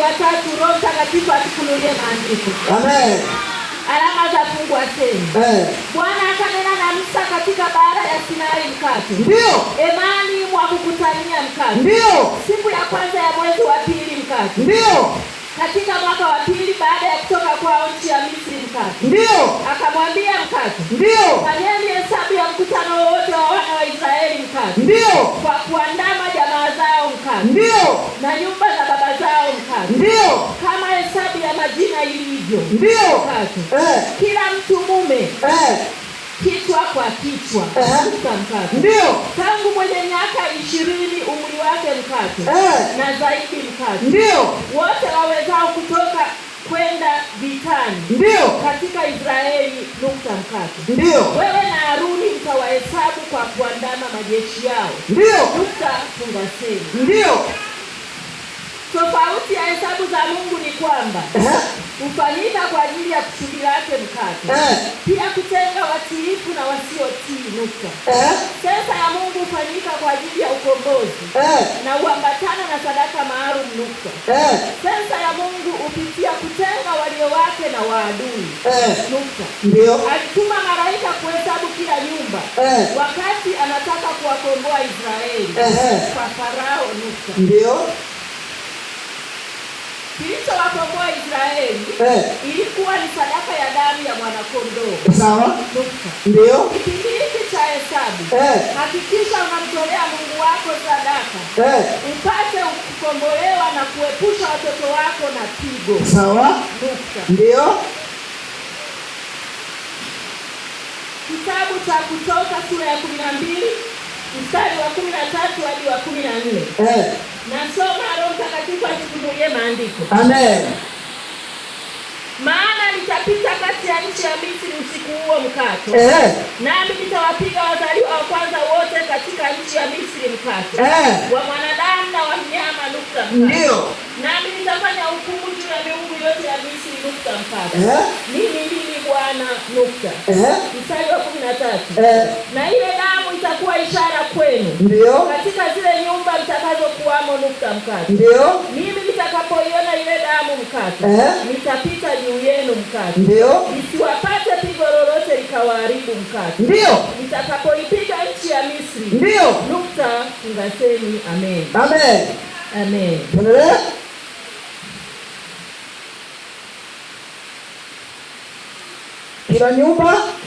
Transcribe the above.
ya tatu Roho Mtakatifu atufunulie maandiko. Amen. Alama za Mungu asema. Eh. Bwana akanena na Musa katika bahari ya Sinai mkato. Ndio. Emani mwa kukutania mkato. Ndio. Siku ya kwanza ya mwezi wa pili mkato. Ndio. Katika mwaka wa pili baada ya kutoka kwao nchi ya Misri mkato. Ndio. Akamwambia mkato. Ndio. Fanyeni hesabu ya mkutano wote wa wana wa Israeli mkato. Ndio. Kwa kuandama jamaa zao mkato. Ndio. Na nyumba ndio. Kama hesabu ya majina ilivyo. Ndio. Eh. Kila mtu mume. Eh. Kichwa kwa kichwa shuka eh. mkate Ndio. Tangu mwenye miaka ishirini umri wake mkato. Eh. Na zaidi mkato. Ndio. Wote wawezao kutoka kwenda vitani. Ndio. Katika Israeli nukta mkato. Ndio. Wewe na Haruni mtawahesabu kwa kuandama majeshi yao. Ndio. Nukta fungaseni. Ndio kati ya hesabu za Mungu ni kwamba eh. kufanyika kwa ajili ya kusudi lake mkate, eh. pia kutenga watiifu na wasiotii nukta. Eh. Sensa ya Mungu hufanyika kwa ajili ya ukombozi na uambatana na sadaka maalum nukta. Sensa ya Mungu hupitia kutenga walio wake na waadui nukta. Ndio alituma malaika kuhesabu kila nyumba wakati anataka kuwakomboa Israeli kwa Farao nukta. Ndio kilichowakomboa Israeli eh, ilikuwa ni sadaka ya damu ya mwanakondoo. Sawa, ndio kipindi hiki cha hesabu eh, hakikisha unamtolea Mungu wako sadaka eh, upate kukombolewa na kuepusha watoto wako na pigo. Sawa, ndio kitabu cha Kutoka sura ya kumi na mbili mstari wa kumi na tatu hadi wa kumi na nne eh. Nasoma Roho Mtakatifu atufungulie maandiko. Amen. Maana nitapita kati ya nchi ya Misri usiku huo mkato, eh, nami nitawapiga wazaliwa wa kwanza wote katika nchi ya Misri mkato, eh, wa mwanadamu na wa mnyama nukta mkato. Ndio. Nami nitafanya hukumu juu ya miungu yote ya Misri nukta mkato. Eh. Mimi ndimi Bwana nukta. Eh. Mstari wa kumi na tatu. Eh. Na ile damu itakuwa ishara kwenu, ndio katika zile nyumba mtakazokuwamo nukta mkato, ndio mimi nitakapoiona ile damu mkato, eh? nitapita juu yenu mkato, ndio nisiwapate pigo lolote likawaharibu mkato, ndio nitakapoipiga nchi ya Misri, ndio nukta fungaseni. Amen, amen, amen. Kila nyumba